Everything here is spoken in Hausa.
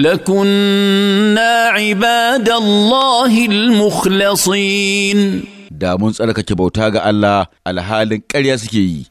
لكنا عباد الله المخلصين da mun tsarkake bauta ga Allah alhalin ƙarya suke yi